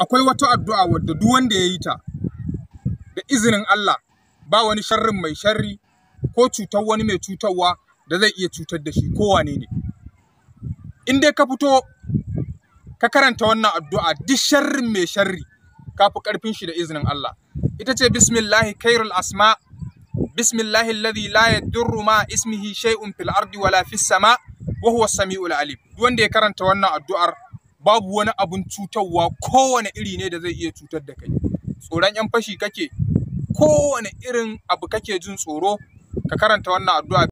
akwai wata addu'a wadda duk wanda ya yi ta da izinin Allah ba wani sharrin mai sharri ko cutar wani mai cutarwa da zai iya cutar da shi kowane ne in dai ka fito ka karanta wannan addu'a duk sharrin mai sharri ka fi ƙarfin shi da izinin Allah ita ce bismillahi khairul asma bismillahi alladhi la yadurru ma ismihi shay'un fil ardi wala fis sama wa huwa samiul alim duk wanda ya karanta wannan addu'ar babu wani abun cutarwa kowane iri ne da zai iya cutar da kai tsoron yan fashi kake kowane irin abu kake jin tsoro ka karanta wannan addu'a